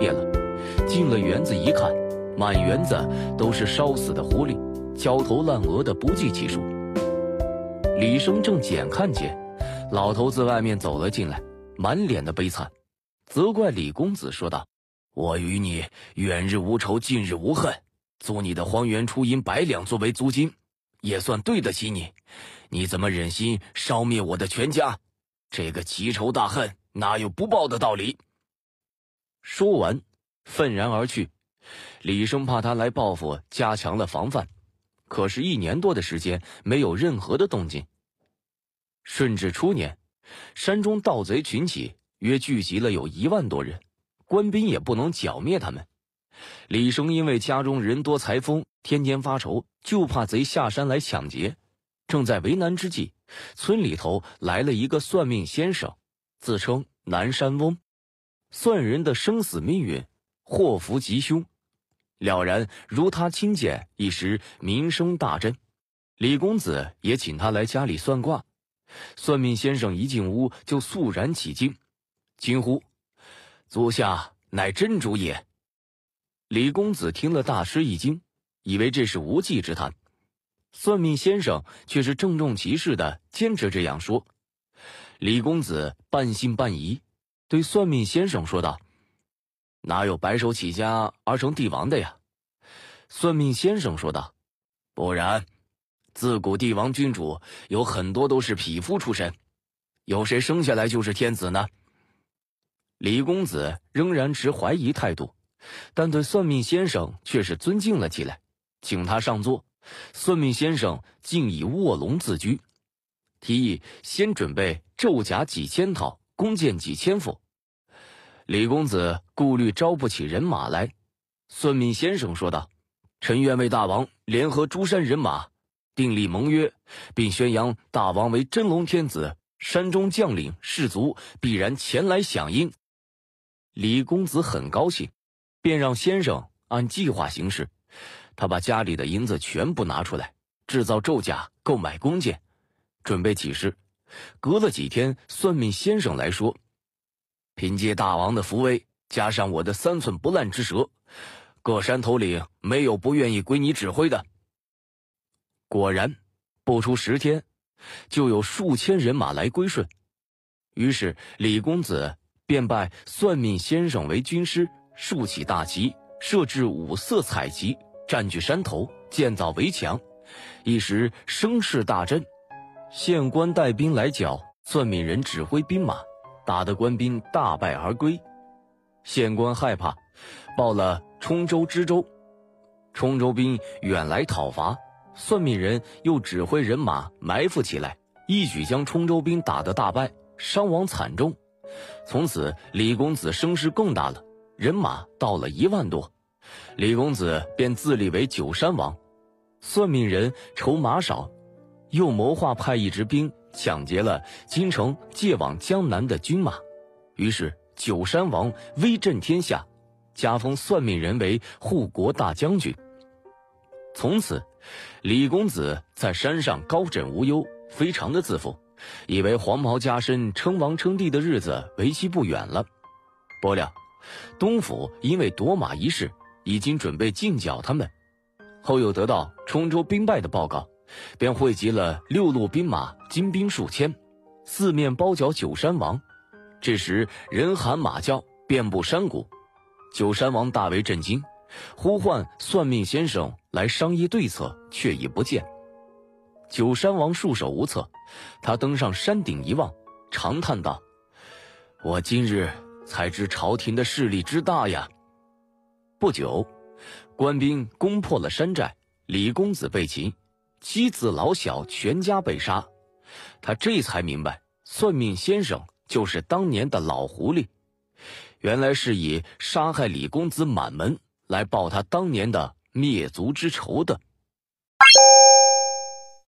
滅了，進了園子一看，滿園子都是燒死的狐狸，焦頭爛額的不計其數。李生正眼看見，老頭子外面走了進來，滿臉的悲慘，責怪李公子說道：“我與你遠日無仇，近日無恨，租你的荒園出銀百兩作為租金，也算對得起你。你怎麼忍心燒滅我的全家？這個奇仇大恨，哪有不報的道理？”說完，憤然而去。李生怕他來報復，加強了防範。可是，一年多的時間，沒有任何的動靜。順治初年，山中盜賊群起，約聚集了有一萬多人，官兵也不能剿滅他們。李生因為家中人多財豐，天天發愁，就怕賊下山來搶劫。正在為難之際，村裡頭來了一個算命先生，自稱南山翁。算人的生死命運、禍福吉凶，了然如他親見，一時名聲大振。李公子也請他來家裡算卦。算命先生一進屋就肅然起敬，驚呼：“足下乃真主也！”李公子聽了大吃一驚，以為這是無稽之談。算命先生卻是鄭重其事地堅持這樣說。李公子半信半疑。對算命先生說道：“哪有白手起家而成帝王的呀？”算命先生說道：“不然，自古帝王君主有很多都是匹夫出身，有誰生下來就是天子呢？”李公子仍然持懷疑態度，但對算命先生卻是尊敬了起來，請他上座。算命先生竟以臥龍自居，提議先準備胄甲幾千套。弓箭幾千副，李公子顧慮招不起人馬來。孫敏先生說道：“臣願為大王聯合諸山人馬，訂立盟約，並宣揚大王為真龍天子，山中將領士卒必然前來響應。”李公子很高興，便讓先生按計劃行事。他把家裡的銀子全部拿出來，制造胄甲，購買弓箭，準備起事。隔了幾天，算命先生來說：“憑借大王的福威，加上我的三寸不爛之舌，各山頭領沒有不願意歸你指揮的。”果然，不出十天，就有數千人馬來歸順。於是，李公子便拜算命先生為軍師，豎起大旗，設置五色彩旗，佔據山頭，建造圍牆，一時聲勢大振。縣官帶兵來剿，算命人指揮兵馬，打得官兵大敗而歸。縣官害怕，報了沖州知州。沖州兵遠來討伐，算命人又指揮人馬埋伏起來，一舉將沖州兵打得大敗，傷亡慘重。從此，李公子聲勢更大了，人馬到了一萬多，李公子便自立為九山王。算命人愁馬少。又謀劃派一支兵搶劫了京城借往江南的軍馬，於是九山王威震天下，加封算命人為護國大將軍。從此，李公子在山上高枕無憂，非常的自負，以為黃袍加身稱王稱帝的日子為期不遠了。不料，東府因為奪馬一事已經準備進剿他們，後又得到沖州兵敗的報告。便匯集了六路兵馬，金兵數千，四面包剿九山王。這時人喊馬叫，遍布山谷。九山王大為震驚，呼喚算命先生來商議對策，卻已不見。九山王束手無策，他登上山頂一望，長嘆道：“我今日才知朝廷的勢力之大呀！”不久，官兵攻破了山寨，李公子被擒。妻子老小全家被殺，他這才明白，算命先生就是當年的老狐狸，原來是以殺害李公子滿門來報他當年的滅族之仇的。